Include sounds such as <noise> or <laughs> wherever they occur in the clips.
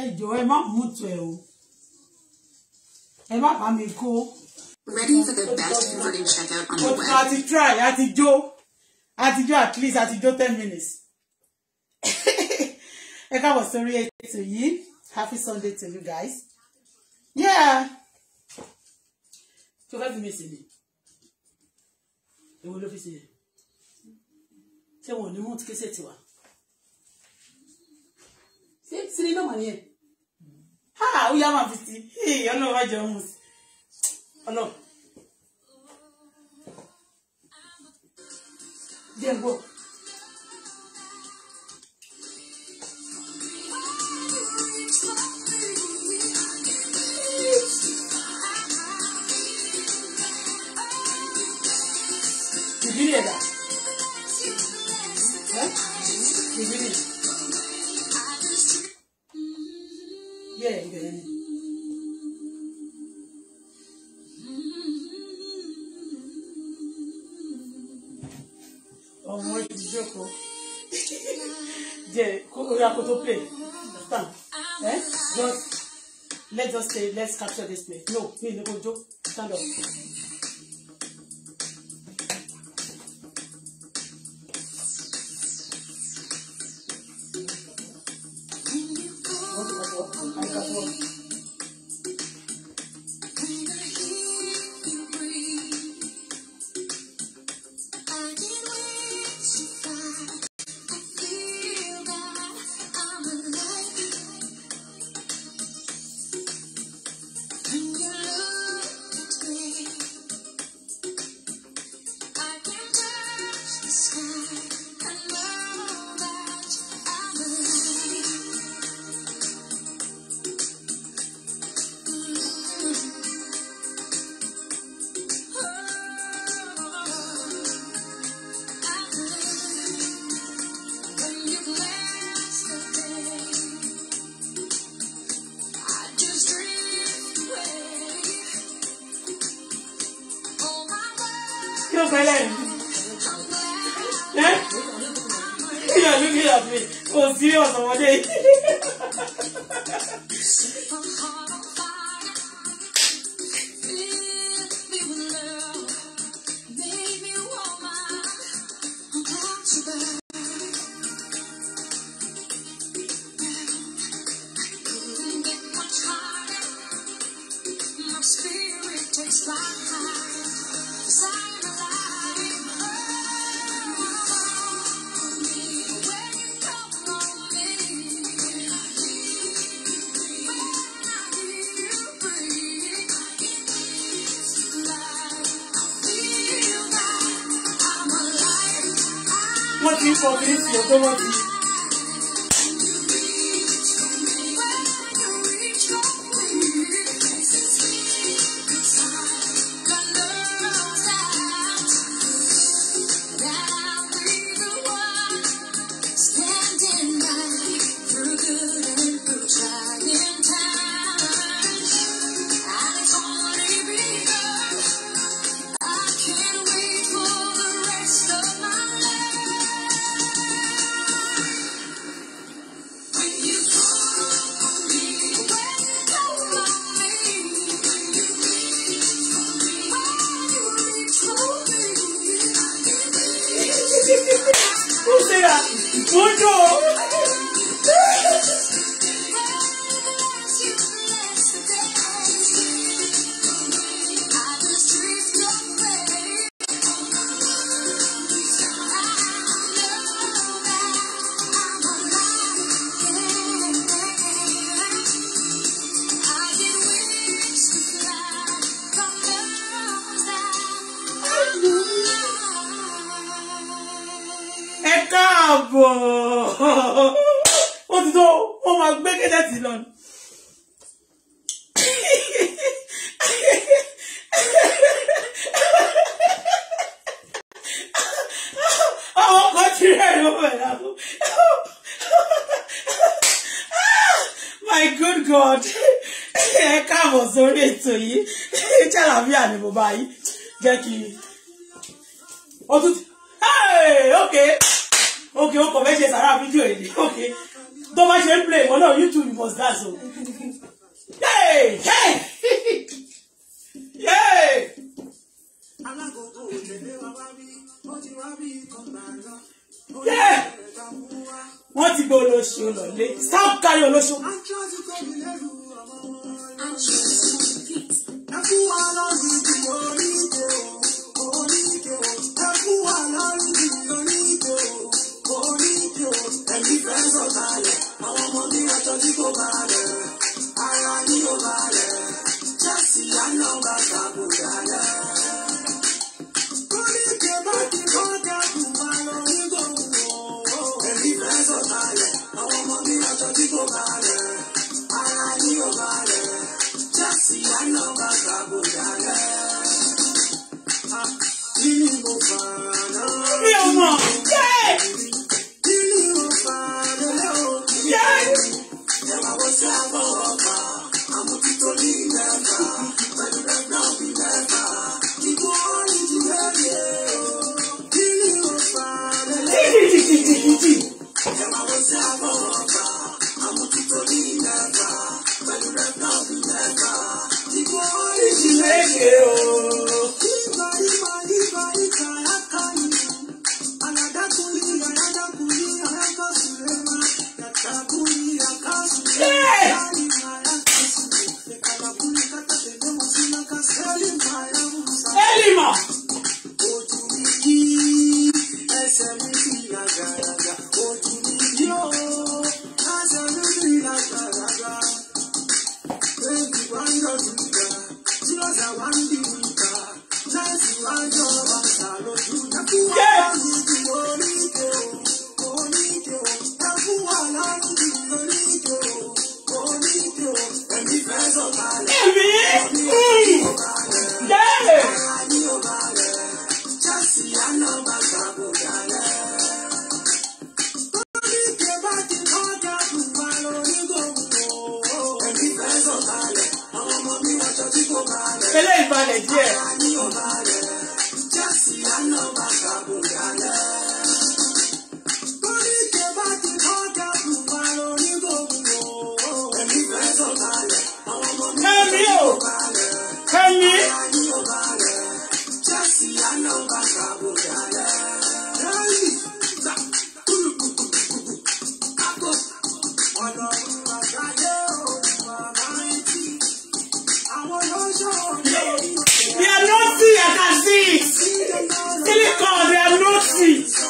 ẹ jọ̀ọ́ ẹ má mùtù ẹ o ẹ má bá mi kó. ready for the best converting checkout on the web. a try a ti jó a ti jó at least a ti jó ten minutes. <laughs> ẹ káàbọ̀ sórí ètò yìí happy sunday to you guys. yeah. tó fẹ́ fi mi sílẹ̀ èwo ló fi sílẹ̀ tí wọn ò ní mú kéṣe tiwa sí ní nọ́mà nìyẹn ha ó yá máa fi si ọlọ́run má jẹ ọmọ sí ọlọ́run jẹ́ to play stand eh just let's just say let's capture this place no me no go jo stand up. sky. already. tó Who's there? Who's tẹ́tì lọ. àwọn kan ti rẹ́rìn ọmọ ẹ̀ lábọ́. my good God ẹ káàbọ̀ sórí ètò yìí jàlábíà ni mo bá yí jẹ́ kí o tún ti ok ok o kò fẹ́ ṣe sàrà fídíò yìí ok tó bá ṣe ń play ìwọ náà youtube you must dance o. alákòókò òṣèlú wa wá bí ó ti wá bí kan bá lọ wọ́n ti gbé olóṣù lọ́lé south carry olóṣù. kò balẹ̀ ara ní kò balẹ̀ jẹ́sì alọ́gbà sàbò dalẹ̀. kọ́líkè bá ti kọ́ dẹ́kun bá lọ ní gbogbo èmi fẹ́ sọ̀kalẹ̀ àwọn からげよ「あなたこにあなたこにあなたすればやったこに」na masabu yala it.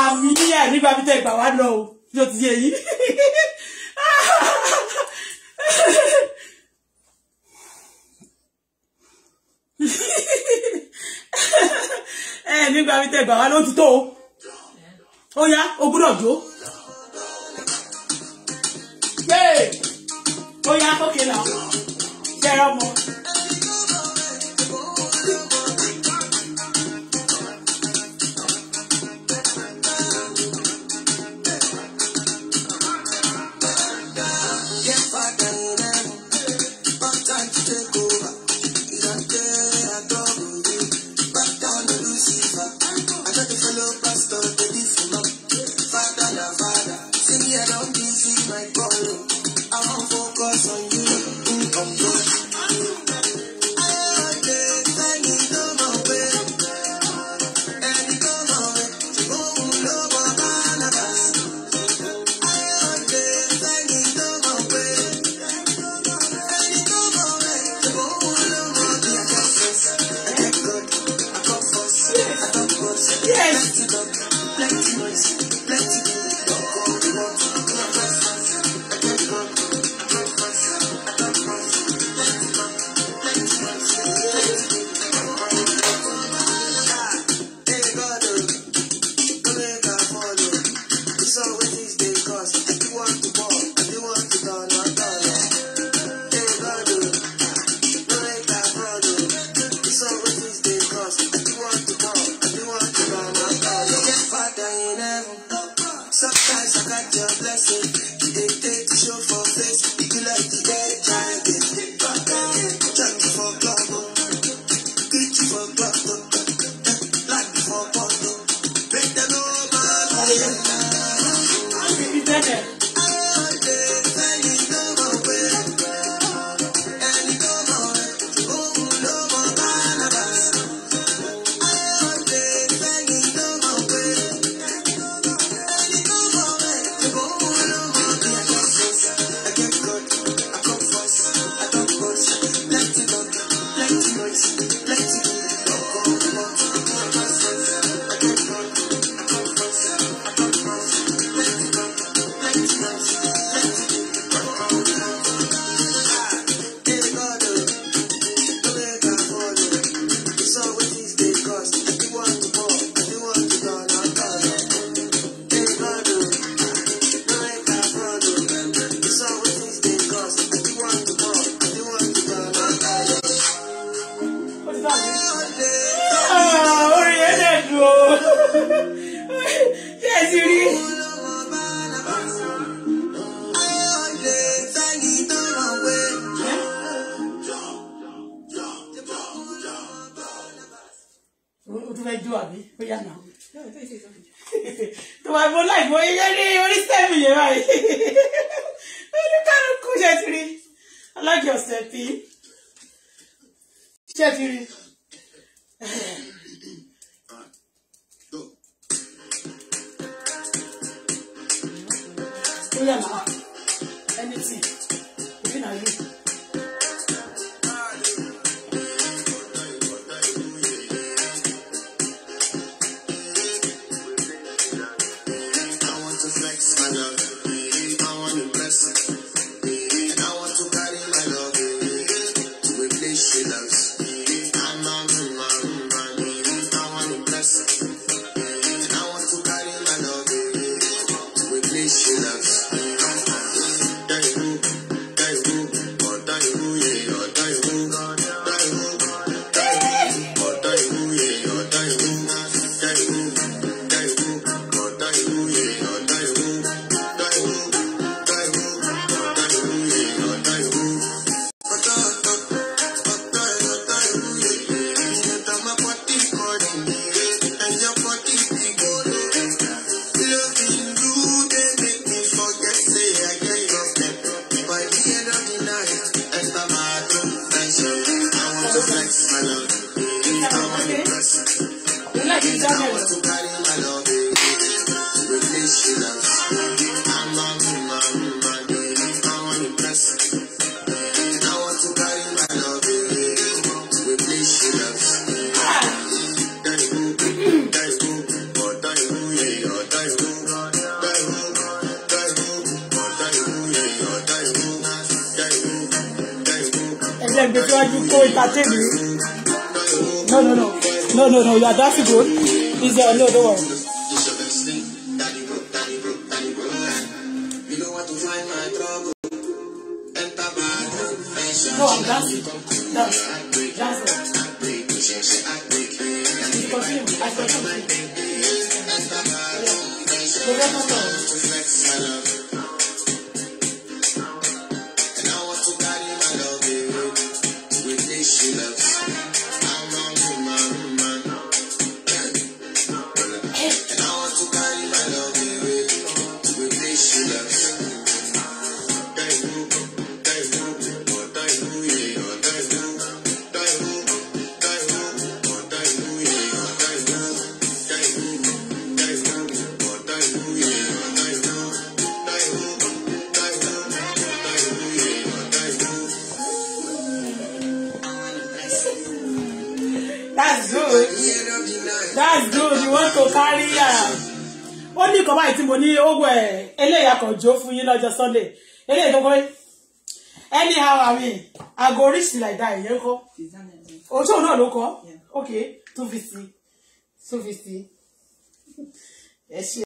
àmì ẹ̀ nígbà bí tẹ́ ìgbà wá lọ o yóò ti yé yín. ẹ nígbà bí tẹ́ ìgbà wá ló ti tó o ó yá o gbúdọ̀ jó. ó yá kókè náà jẹ́rọ mọ́. <laughs> tó wà mo láì mo yẹ ní orí sẹ́ẹ̀mù yẹn báyìí <laughs> olùkọ́ni kú ṣe ti rí alájọ ọ̀sẹ̀ pí ṣe ti rí. <laughs> ó yà máa anything even na you. No, no, no, you are that good. Is there no don't worry. No, I'm dancing. Dance. Dance. I continue. I continue. Yeah, gbogbo ẹ̀ eléyà kan fún yín lọ́jọ́ sunday eléyà tó kọ́ anyhow i mean i go reach like that ìyẹn kọ́ òótọ́ náà ló kọ́ ok two fifty two fifty ẹ ṣe.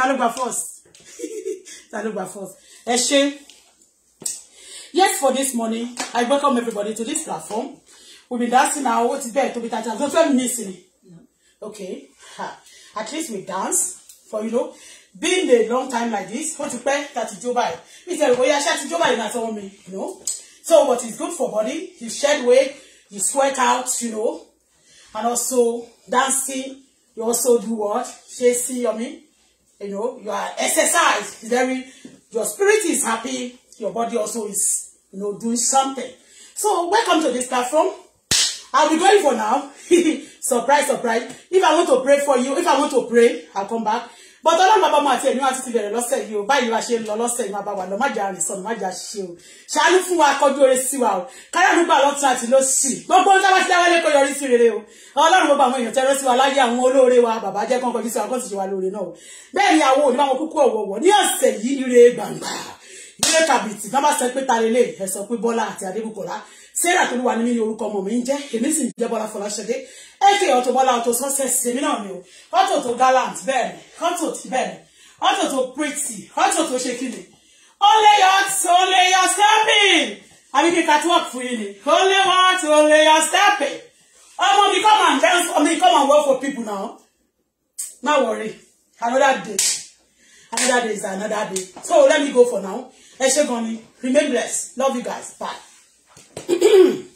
ta ló gba first <laughs> ta first ẹ yes for this morning i welcome everybody to this platform we we'll be dancing now what is better to be dancing. Don't feel missing. okay at least we dance for you know being a long time like this ó ti pẹ́ tàti jó báyìí mi tẹ̀lé bóyá ṣé àti jó báyìí náà sọ́wọ́ me, you know so what is good for body you shed weight you sweat out you know and also dancing you also do what ṣe sí yomi you know you are exercised very your spirit is happy your body also is you know doing something so welcome to this platform I'll be going for now <laughs> surprise surprise if I want to pray for you if I want to pray I'll come back bọ́tọ́ lọ́nà bá máa ti ẹ̀mí wá títí bẹ̀rẹ̀ lọ́sẹ̀ yìí o báyìí wá ṣe ń lọ lọ́sẹ̀ yìí máa bá wà lọ májà rìn sọnù májà ṣe o ṣàánú fún wa kọjú oore sí wa o káràánú gbà lọ́tún àti ló sì gbogbo ohun tí a bá ti dáwọ́lé kó yọrí sí rere o ọlọ́run gbogbo àwọn èèyàn tẹ́rọ sí wa láyé àwọn olóore wa bàbá jẹ́ kán kọjú sí wa kó sì ṣe wa lóore náà o bẹ́ẹ̀ ni àwọn òní báwọn kúkú ọ̀wọ̀wọ̀ ní ọ̀sẹ̀ yìí ire gbàngbà ilé kàbìtì bá bá sọ pé ta lélẹ̀ ẹ̀ sọ pé Bọ́lá àti Adébùkọ́lá sarah tó wà nínú orúkọ ọmọ mi ń jẹ́ èmi sì ń jẹ́ bọ́lá fọláṣadé ẹ̀kẹ́ ọ̀tọ̀ bọ́lá ọ̀tọ̀ success èmi náà ni o ọ̀tọ̀ tó gallant bẹ́ẹ̀ ni tí bẹ́ẹ̀ ni tó pretty ọ̀tọ̀ tó ṣe kíni only yours, only your stepping àbí kí catwalk fún yín ni only yours, only your stepping ọmọ mi come and dance for me come and work for people now no worry another day another day is another day so let me go for now ẹ ṣé gan ni remain blessed love you guys bye. Mm-hmm. <coughs>